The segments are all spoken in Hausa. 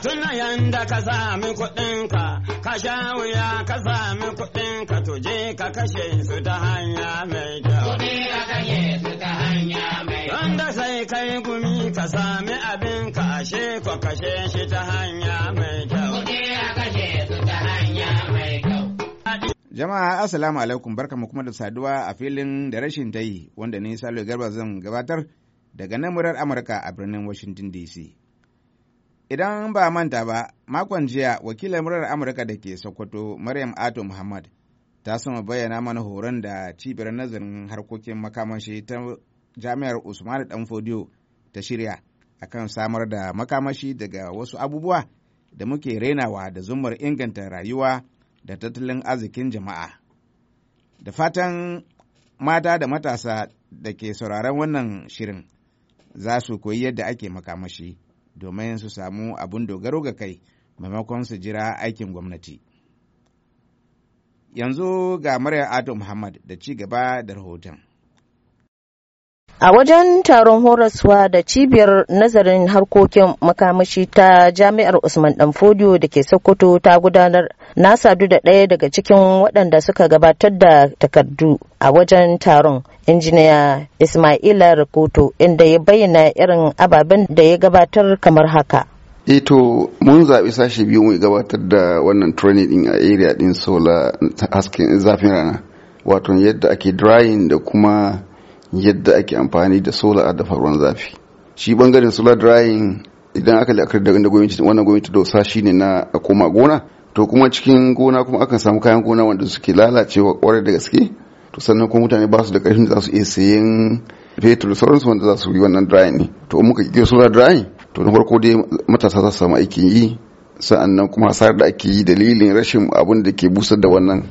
ka tuna yanda ka sami kuɗinka, ka sha wuya ka sami kuɗinka tuje ka kashe su ta hanya mai kyau. ka kashe su ta hanya mai kyau. Wanda sai kai gumi ka sami abin ka ashe ko kashe shi ta hanya mai kyau. Kuɗi ka kashe su ta hanya mai kyau. Jama'a Assalamu alaikum barkamu kuma da saduwa a filin da rashin ta wanda ni Salo Garba zan gabatar daga nan murar Amurka a birnin Washington DC. Idan ba manta ba, makon jiya wakilin murar Amurka da ke Sokoto Maryam Ato Muhammad ta sama bayyana mana horon da cibiyar nazarin harkokin makamashi ta jami'ar usman dan fodiyo ta shirya akan samar da makamashi daga wasu abubuwa da muke renawa da zumar inganta rayuwa da tattalin arzikin jama'a. Da fatan mata da matasa da ke sauraron wannan shirin za su koyi yadda ake makamashi. domin su samu abun dogaro ga kai maimakon su jira aikin gwamnati yanzu ga murya adam muhammad da ci gaba da rahoton A wajen taron horaswa da cibiyar nazarin harkokin makamashi ta jami'ar Usman Danfodiyo da ke Sokoto ta gudanar na sadu da ɗaya daga cikin waɗanda suka gabatar da takardu a wajen taron injiniya ismaila rakoto inda ya bayyana irin ababen da ya gabatar kamar haka eto eh mun zaɓi sashe biyu mai gabatar da wannan training din a area din sola hasken zafin rana wato yadda ake drying da kuma yadda ake amfani da sola a dafa ruwan zafi shi bangaren sola drying idan aka lakar da gwamnati wannan gwamnati dosa ne na koma gona to kuma cikin gona kuma akan samu kayan gona wanda suke lalacewa kwarai da gaske to sannan kuma mutane ba su da ƙarfin da za su iya sayen fetur sauransu wanda za su yi wannan drying ne to in muka kike solar drying to na farko dai matasa za su samu aikin yi sa'annan kuma hasarar da ake yi dalilin rashin abin da ke busar da wannan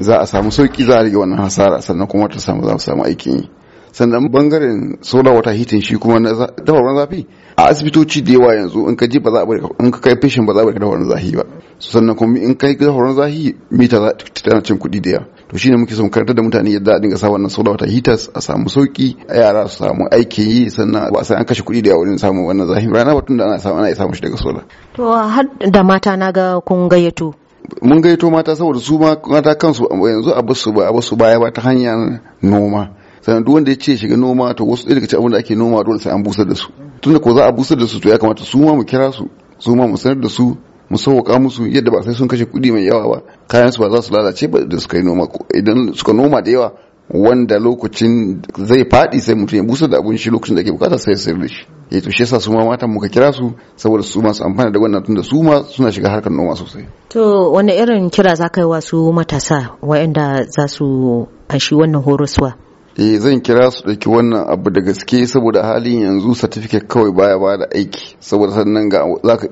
za a samu sauki za a rage wannan hasara sannan kuma ta samu za su samu aikin yi sannan bangaren solar water heating shi kuma na dafa ruwan zafi a asibitoci da yawa yanzu in ka je ba za a in ka kai fishin ba za a bari dafa zafi ba sannan kuma in kai dafa ruwan zafi mita tana cin kuɗi da yawa to shine muke son karantar da mutane yadda a dinga sa wannan solar water heaters a samu sauki yara su samu aikin yi sannan ba sai an kashe kuɗi da wurin samun wannan zahin rana batun da ana samu ana samu shi daga solar to har da mata na ga kun gayyato mun gaito mata saboda su mata kansu yanzu a basu ba a basu baya ba ta hanyar noma sannan duk wanda ya ce shiga noma to wasu daga cikin abinda da ake noma dole sai an busar da su tunda ko za a busar da su to ya kamata su ma mu kira su su ma mu sanar da su mu sauƙa musu yadda ba sai sun kashe kuɗi mai yawa ba kayan su ba za su lalace ba da suka yi noma idan suka noma da yawa wanda lokacin zai faɗi sai mutum ya busa da abun shi lokacin da ke bukata sai ya sayar da shi ya eh, to shi yasa su ma matan muka kira su saboda su masu amfana da wannan tunda su ma suna shiga harkar noma sosai to wani irin kira za ka yi wa su matasa waɗanda za su ashi wannan horoswa? eh zan kira su dauki wannan abu da gaske saboda halin yanzu certificate kawai baya ba da aiki saboda sannan ga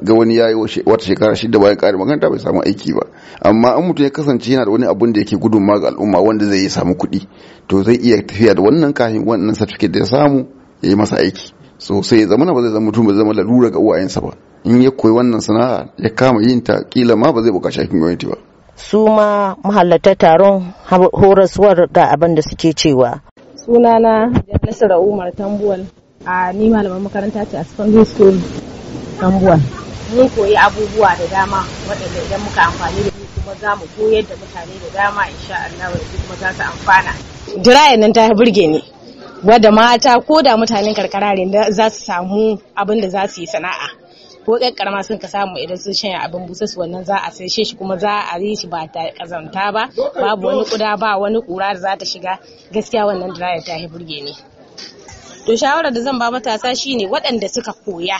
ga wani yayi wata shekara shida bayan ƙari maganta bai samu aiki ba amma an mutum ya kasance yana da wani abun da yake gudunma ga al'umma wanda zai samu kuɗi to zai iya tafiya da wannan kafin wannan certificate da ya samu ya yi masa aiki so sai zamana ba zai zama mutum ba zai zama lalura ga uwayensa ba in ya koyi wannan sana'a ya kama yin ta kila ma ba zai buƙaci aikin gwamnati ba su ma mahallata taron horaswar ga abin da suke cewa sunana nasara Umar Tambuwal. A ni malaman makaranta ce a secondary school Tambuwal. Mun koyi abubuwa da dama waɗanda idan muka amfani da su kuma za mu koyar da mutane da dama insha Allah wanda kuma za su amfana. Dirayen nan ta burge ni. Wadda mata ko da mutanen karkara ne za su samu abin da za su yi sana'a. ko ƙyar karama sun ka samu idan sun shanya abin busassu wannan za a saishe shi kuma za a yi shi ba ta kazanta ba babu wani kuda ba wani kura da za ta shiga gaskiya wannan dryer ta burge ne to shawarar da zan ba matasa shine waɗanda suka koya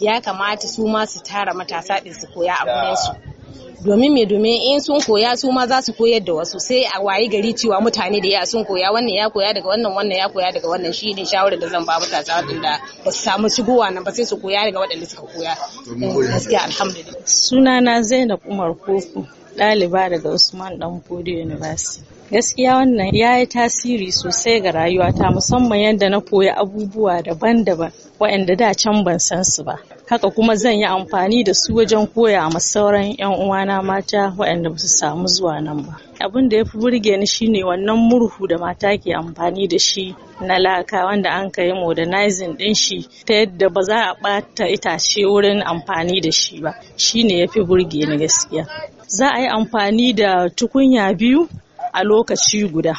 ya kamata su ma su tara matasa ɗin su koya a gurin su domin mai domin in sun koya su ma za su koyar da wasu sai a wayi gari cewa mutane da ya sun koya wannan ya koya daga wannan wannan ya koya daga wannan shi ne shawarar da zan ba matasa wadanda ba su samu shigowa nan ba sai su koya daga waɗanda suka koya gaskiya alhamdulillah sunana Zainab Umar Koko ɗaliba daga Usman dan Danfodiyo University Gaskiya wannan ya yi tasiri sosai ga rayuwata musamman yadda na koyi abubuwa daban-daban waɗanda da can ban san su ba. Haka kuma zan yi amfani da su wajen koya a sauran 'yan uwana mata waɗanda ba su samu zuwa nan ba. Abin da ya fi burge ni shine wannan murhu da mata ke amfani da shi na laka wanda an ka modernizing din shi ta yadda ba za a ɓata itace wurin amfani da shi ba. shine ya fi burge ni gaskiya. Za a yi amfani da tukunya biyu a lokaci guda.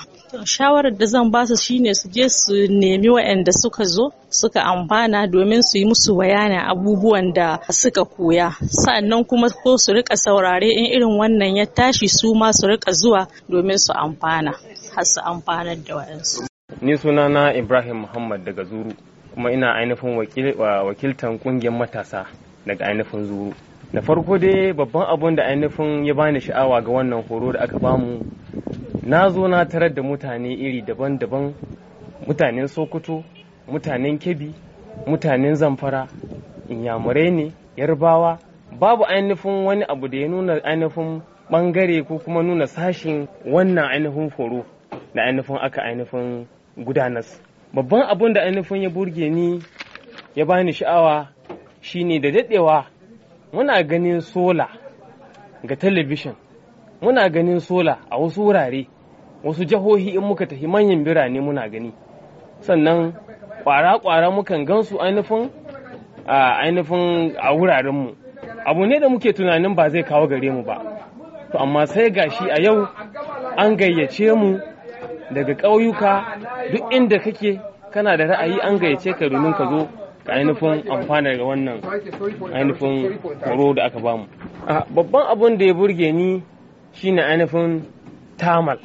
Shawarar da zan basu shine su je su nemi waɗanda suka zo suka amfana domin su yi musu bayanin abubuwan da suka koya. Sannan kuma ko su rika saurare in irin wannan ya tashi su ma su rika zuwa domin su amfana. Har su amfanar da waɗansu. Ni sunana Ibrahim Muhammad daga Zuru kuma ina ainihin wakiltan kungiyar matasa daga ainihin Zuru. Na farko dai babban abun da ainihin ya bani sha'awa ga wannan horo da aka bamu na zo na tarar da mutane iri daban-daban mutanen sokoto mutanen kebbi mutanen zamfara inyamurai ne yarbawa babu ainihin wani abu da ya nuna ainihin bangare ko kuma nuna sashin wannan ainihin foro da ainihin aka ainihin gudanas babban abin da ainihin ya burge ni ya bani sha'awa shine da daɗewa muna ganin sola ga talabishin muna ganin sola a wasu wurare wasu jihohi in muka tafi manyan birane muna gani sannan kwara-kwara mukan gansu ainihin ainihin a wurarenmu abu ne da muke tunanin ba zai kawo gare mu ba to amma sai gashi a yau an gayyace mu daga ƙauyuka duk inda kake kana da ra'ayi an gayyace ka domin ka zo ka ainihin amfana daga wannan ainihin horo da aka bamu babban abin da ya burge ni shine ainihin tamal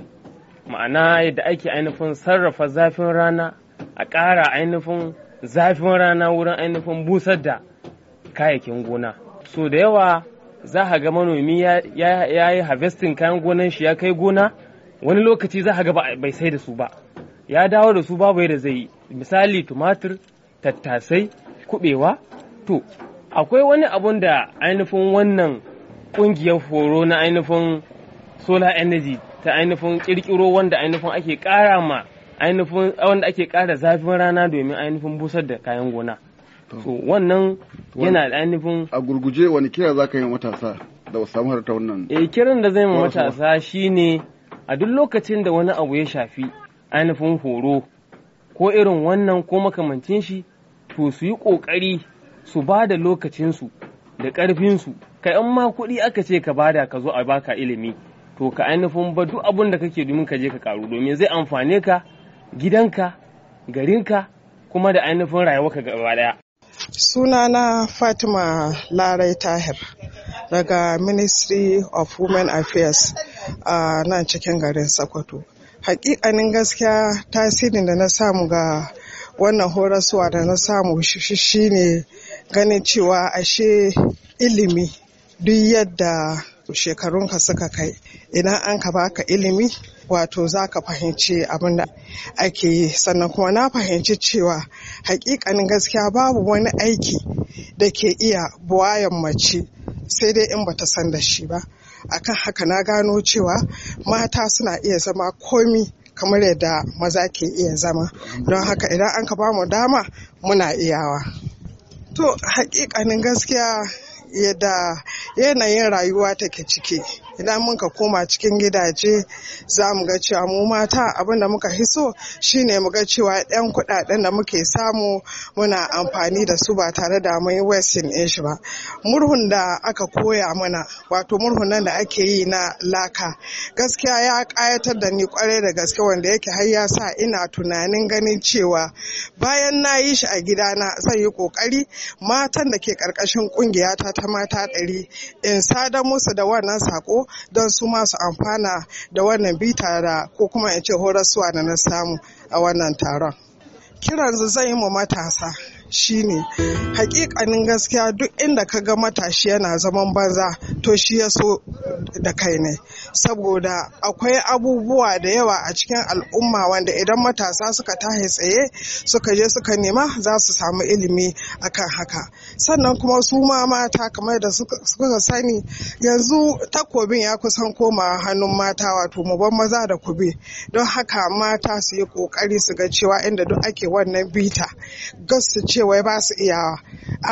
ma'ana yadda ake ainihin sarrafa zafin rana a ƙara ainihin zafin rana wurin ainihin busar da kayayyakin gona so da yawa za a ga manomi ya yi harvesting kayan gonan shi ya kai gona wani lokaci za a ga bai sai da su ba ya dawo da su babu yadda zai yi misali tumatir tattasai kubewa to akwai wani abun da ainihin wannan ƙungiyar horo na ainihin solar energy ta ainihin kirkiro wanda ainihin ake kara ma ainihin wanda ake kara zafin rana domin ainihin busar da kayan gona so wannan yana da ainihin a gurguje wani kira za ka yi matasa da wasu samu harta wannan eh kiran da zai ma matasa shine a duk lokacin da wani abu ya shafi ainihin horo ko irin wannan ko makamancin shi to su yi ƙoƙari su ba da lokacinsu da ƙarfinsu kai in ma kuɗi aka ce ka bada ka zo a baka ilimi to ka ainihin ba duk abin da kake domin ka je ka karu domin zai amfane ka gidanka garinka kuma da ainihin rayuwarka gaba daya sunana fatima larai tahir daga ministry of women affairs a nan cikin garin sokoto hakikanin gaskiya tasirin da na samu ga wannan horaswa da na samu shi ne ganin cewa ashe ilimi duk yadda shekarun ka suka kai idan an ka baka ilimi wato za ka fahimci abinda ake yi sannan kuma na fahimci cewa hakikanin gaskiya babu wani aiki da ke iya buwayan mace sai dai in bata san da shi ba akan haka na gano cewa mata suna iya zama komi kamar yadda maza ke iya zama don haka idan an ka bamu dama muna iyawa to hakikanin gaskiya yadda yanayin rayuwa take ciki idan mun ka koma cikin gidaje za mu ga cewa mu mata abin da muka hiso shine mu ga cewa yan kuɗaɗen da muke samu muna amfani da su ba tare da mun yi in shi ba murhun da aka koya mana wato murhun nan da ake yi na laka gaskiya ya ƙayatar da ni kwarai da gaske wanda yake har ya sa ina tunanin ganin cewa bayan na yi shi a gidana zan yi ƙoƙari matan da ke ƙarƙashin ƙungiyata ta mata ɗari in sadar musu da wannan sako don su masu amfana da wannan bita da ko kuma in ce horaswa da na samu a wannan taron. Kiran zai yi mu matasa shine hakikanin gaskiya duk inda ka ga matashi yana zaman banza to shi ya so da kai ne saboda akwai abubuwa da yawa a cikin al'umma wanda idan matasa suka tahi tsaye suka je suka nema za su samu ilimi akan haka sannan kuma su ma mata kamar da suka sani yanzu takobin ya kusan koma hannun mata wato muban maza da kube don haka mata su yi kokari su ga cewa inda duk ake wannan bita gas su ce wai ba su iyawa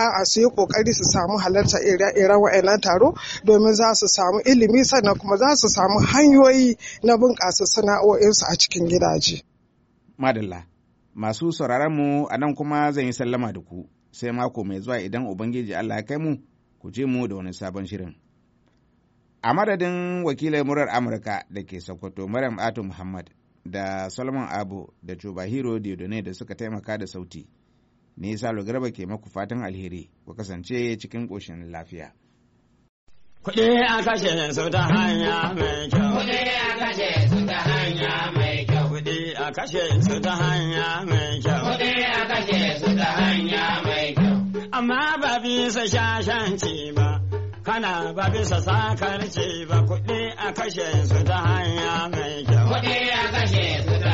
a'a su yi kokari su samu halarta irin iren wa'annan taro domin za su samu ilimi sannan kuma za su samu hanyoyi na bunƙasa sana'o'insu a cikin gidaje. Madalla, masu sauraron mu a nan kuma zan yi sallama da ku sai mako mai zuwa idan Ubangiji Allah kai mu ku je mu da wani sabon shirin. A madadin wakilai murar Amurka da ke Sokoto Maryam ato Muhammad da Solomon Abu da Chubahiro ne da suka taimaka da sauti. ne salo garba ke maku fatan alheri ku kasance cikin ƙoshin lafiya. Kuɗi a kashe su ta hanya mai kyau. Kuɗi a kashe su ta hanya mai kyau. Kuɗi a kashe su ta hanya mai kyau. Kuɗi a kashe su ta hanya mai kyau. Amma ba bisa shashanci ba. Kana ba bisa sakarci ba kuɗi a kashe su ta hanya mai kyau. Kuɗi a kashe su ta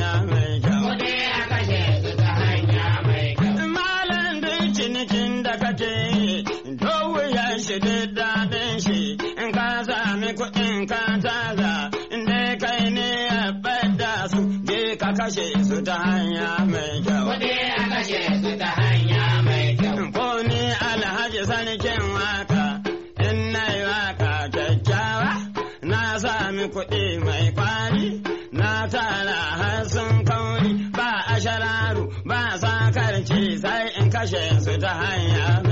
bar shi daɗin shi in ka sami kuɗin ka tara in dai kai ne ya bada su je ka kashe su ta hanya mai kyau. Kuɗi a kashe su ta hanya mai kyau. Ko ni alhaji sarkin waka in na yi waka kyakkyawa na sami kuɗi mai kwari na tara har sun kauri ba a shararu ba sakarci sai in kashe su ta hanya mai